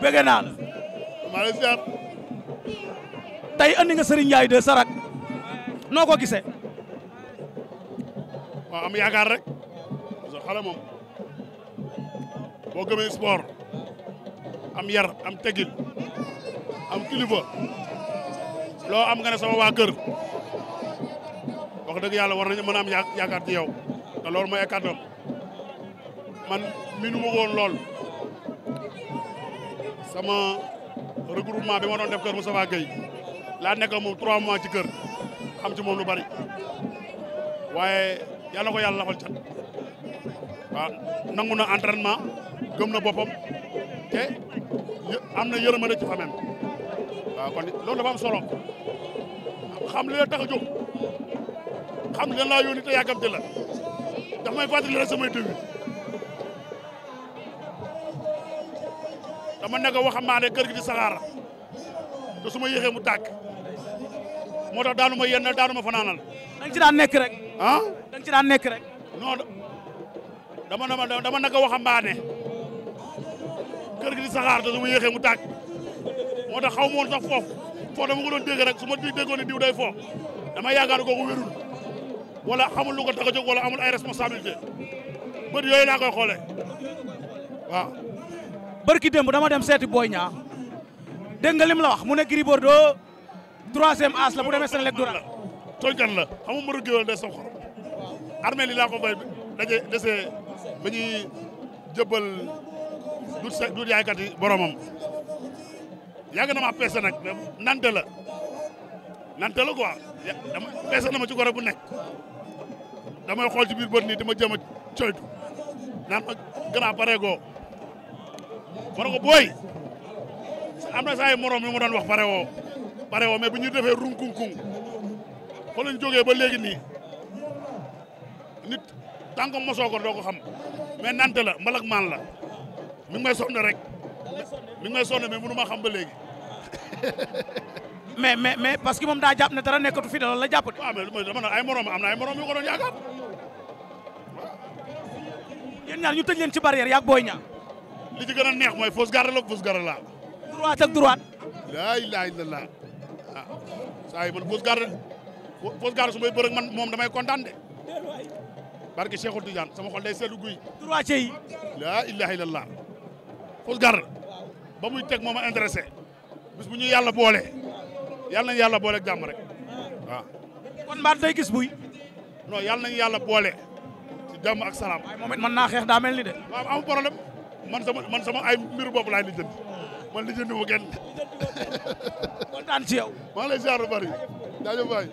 bëgg naa la. maa ngi yaay tey andi nga Sarak noo ko gisee. waaw am yaakaar rek parce que xale boo gëmee sport am yar am tegil am kilifa loo am nga ne sama waa kër wax dëgg yàlla war nañu mën a am yaakaar ci yow te loolu mooy man miinu ma lool sama regroupement bi ma doon def kër Moustapha Gueye laa nekk moom 3 mois ci kër xam ci moom lu bari waaye yal ko yàlla lafal cat waaw nangu na entraînement gëm na boppam te am na yërmande ci famem waaw kon loolu dafa am solo xam tax a jóg xam li la laa te yàggamte la daf may fàttali rek samay début dama nekk waxambaane kër gi di saxaar su ma yéexee mu tàkk moo tax daanu ma yenn daanu ma fanaanal. da nga ci daan nekk rek. ah ci daan nekk rek. non dama dama dama nekk waxambaane kër gi di saxaar su ma yéexee mu tàkk moo tax xaw ma woon sax foofu foofu dama ko doon dégg rek su ma déggoon ne diw day foofu dama yaakaar kooku wérul wala xamul lu ko tax a jóg wala amul ay responsabilité bët yooyu laa koy xoolee waaw. barki démb dama dem seeti Boy Niang dégg nga lim la wax mu ne Gris Bordeaux troisième as la bu demee Sénélec du la. tooñkat la xam nga mënu géwél day sox xorom armée li laa ko fay daje dese ba ñuy du sa du yaaykat yi boromam yàgg na ma peese la nante la quoi dama peese ma ci gore bu nekk damay xool ci biir bët nii dama jëm a coytu naan ma ma ne ko booy am na saa yu morom yu ma doon wax pare woo pare woo mais bu ñu defee runkunkung fa lañ jógee ba léegi nii nit tant que mosoo doo ko xam mais nante la mbalak maan la mi ngi may sonn rek mi ngi may sonn mais mënu ma xam ba léegi. mais mais mais parce que moom daa jàpp ne tara nekkatu fi loolu la jàpp. waaw ah, mais dama ne ay morom am na ay morom yu ko doon yaakaar. yéen ñaar ñu tëj leen ci barrière yaag booy ñaar. li ci gën neex mooy fausse garde la fausse garde laa. droite ak droite. laa ilaaha illallaah ah saa yi man fausse garde fausse garde su may bërëg moom damay kontaan de. barke Cheikhul Tidiane sama xol day seetlu guy. droite yi. laa ilaaha illallaah fausse garde ba muy teg moom a intéressé bis bu ñu yàlla boole yàlla nañu yàlla boole ak jàmm rek waaw. Ah. kon mbaat yàlla boole. naa xeex daa ni de. man sama man sama ay mbiru bopp laay lijjanti man lijjanti bu kenn kontaan ci yow maa ngi lay ziar lu bari jaajëf waay